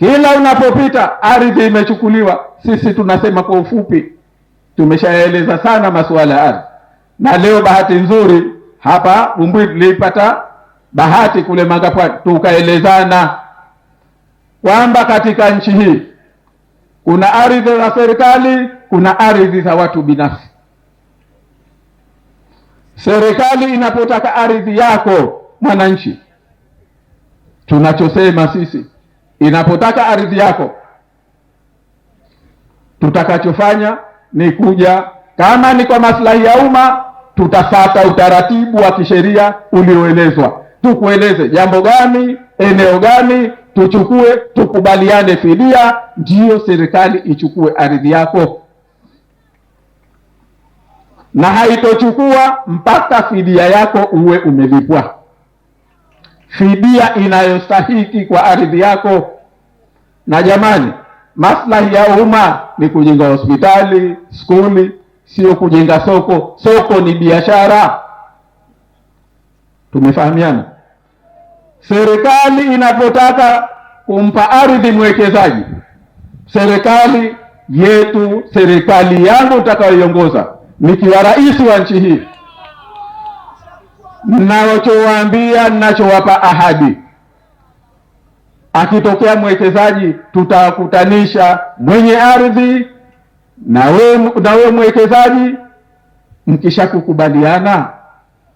Kila unapopita ardhi imechukuliwa. Sisi tunasema kwa ufupi, tumeshaeleza sana masuala ya ardhi, na leo bahati nzuri hapa Bumbwini tulipata bahati kule Mangapwani tukaelezana kwamba katika nchi hii kuna ardhi za serikali, kuna ardhi za watu binafsi. Serikali inapotaka ardhi yako mwananchi, tunachosema sisi inapotaka ardhi yako, tutakachofanya ni kuja, kama ni kwa maslahi ya umma, tutafata utaratibu wa kisheria ulioelezwa, tukueleze jambo gani, eneo gani tuchukue, tukubaliane fidia, ndiyo serikali ichukue ardhi yako, na haitochukua mpaka fidia yako uwe umelipwa fidia inayostahiki kwa ardhi yako. Na jamani, maslahi ya umma ni kujenga hospitali, skuli, sio kujenga soko. Soko ni biashara, tumefahamiana. Serikali inapotaka kumpa ardhi mwekezaji, serikali yetu, serikali yangu nitakayoiongoza nikiwa rais wa nchi hii Ninachowaambia, ninachowapa ahadi, akitokea mwekezaji tutawakutanisha mwenye ardhi na wewe na we mwekezaji.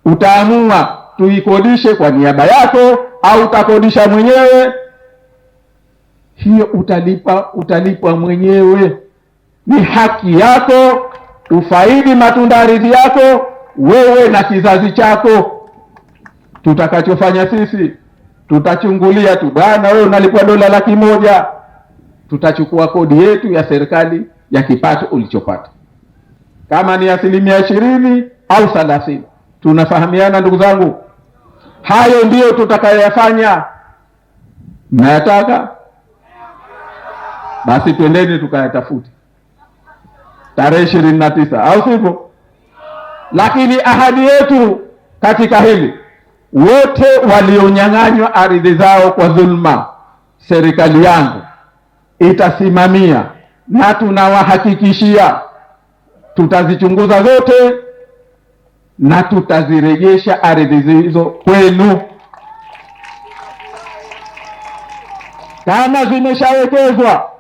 utaamua tuikodishe kwa niaba yako au utakodisha mwenyewe. Hiyo utalipa, utalipwa mwenyewe, ni haki yako, ufaidi matunda ardhi yako wewe na kizazi chako. Tutakachofanya sisi tutachungulia tu, bwana, wewe unalipwa dola laki moja, tutachukua kodi yetu ya serikali ya kipato ulichopata, kama ni asilimia ishirini au thelathini. Tunafahamiana ndugu zangu, hayo ndiyo tutakayoyafanya. Mnayataka? Basi twendeni tukayatafute tarehe ishirini na tisa, au sivyo? Lakini ahadi yetu katika hili, wote walionyang'anywa ardhi zao kwa dhulma, serikali yangu itasimamia na tunawahakikishia tutazichunguza zote na tutazirejesha ardhi hizo kwenu. Kama zimeshawekezwa,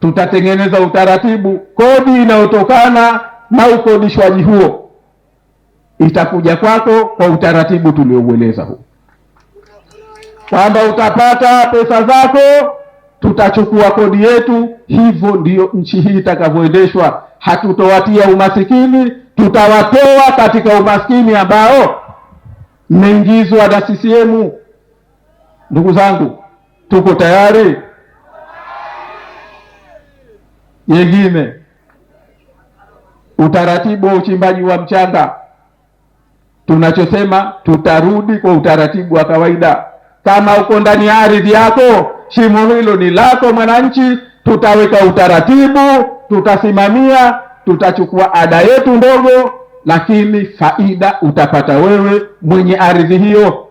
tutatengeneza utaratibu, kodi inayotokana na ukodishwaji huo itakuja kwako kwa utaratibu tulioueleza huu, kwamba utapata pesa zako, tutachukua kodi yetu. Hivyo ndiyo nchi hii itakavyoendeshwa. Hatutowatia umasikini, tutawatoa katika umaskini ambao mmeingizwa na CCM. Ndugu zangu, tuko tayari. Jengine utaratibu wa uchimbaji wa mchanga. Tunachosema tutarudi kwa utaratibu wa kawaida. Kama uko ndani ya ardhi yako, shimo hilo ni lako mwananchi, tutaweka utaratibu, tutasimamia, tutachukua ada yetu ndogo, lakini faida utapata wewe mwenye ardhi hiyo.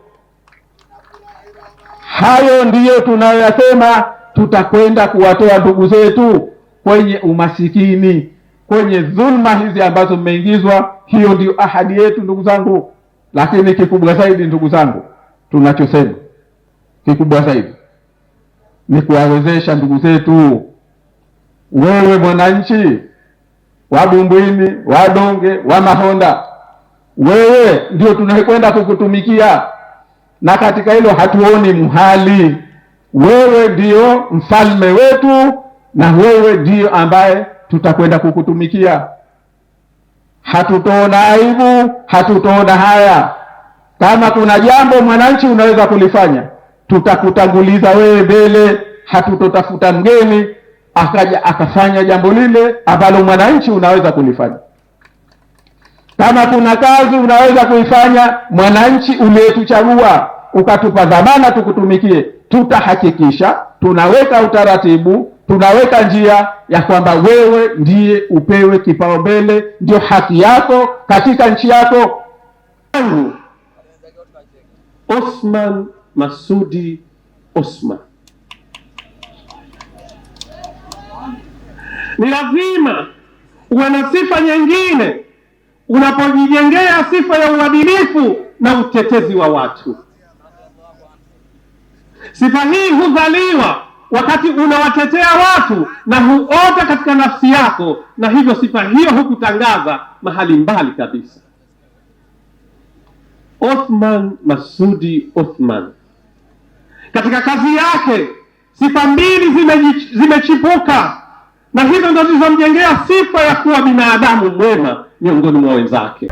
Hayo ndiyo tunayoyasema, tutakwenda kuwatoa ndugu zetu kwenye umasikini kwenye dhulma hizi ambazo mmeingizwa. Hiyo ndio ahadi yetu ndugu zangu, lakini kikubwa zaidi ndugu zangu, tunachosema kikubwa zaidi ni kuwawezesha ndugu zetu. Wewe mwananchi wa Bumbwini, wa Donge, wa Mahonda, wewe ndio tunakwenda kukutumikia, na katika hilo hatuoni mhali. Wewe ndio mfalme wetu, na wewe ndio ambaye tutakwenda kukutumikia, hatutoona aibu, hatutoona haya. Kama kuna jambo mwananchi unaweza kulifanya, tutakutanguliza wewe mbele, hatutotafuta mgeni akaja akafanya jambo lile ambalo mwananchi unaweza kulifanya. Kama kuna kazi unaweza kuifanya, mwananchi uliyetuchagua ukatupa dhamana tukutumikie, tutahakikisha tunaweka utaratibu tunaweka njia ya kwamba wewe ndiye upewe kipaumbele, ndio haki yako katika nchi yako. Osman Masudi Osman, ni lazima uwe na sifa nyingine unapojijengea sifa ya uadilifu na utetezi wa watu. Sifa hii huzaliwa wakati unawatetea watu na huota katika nafsi yako, na hivyo sifa hiyo hukutangaza mahali mbali kabisa. Othman Masudi Othman katika kazi yake sifa mbili zimechipuka, na hizo ndo zilizomjengea sifa ya kuwa binadamu mwema miongoni mwa wenzake.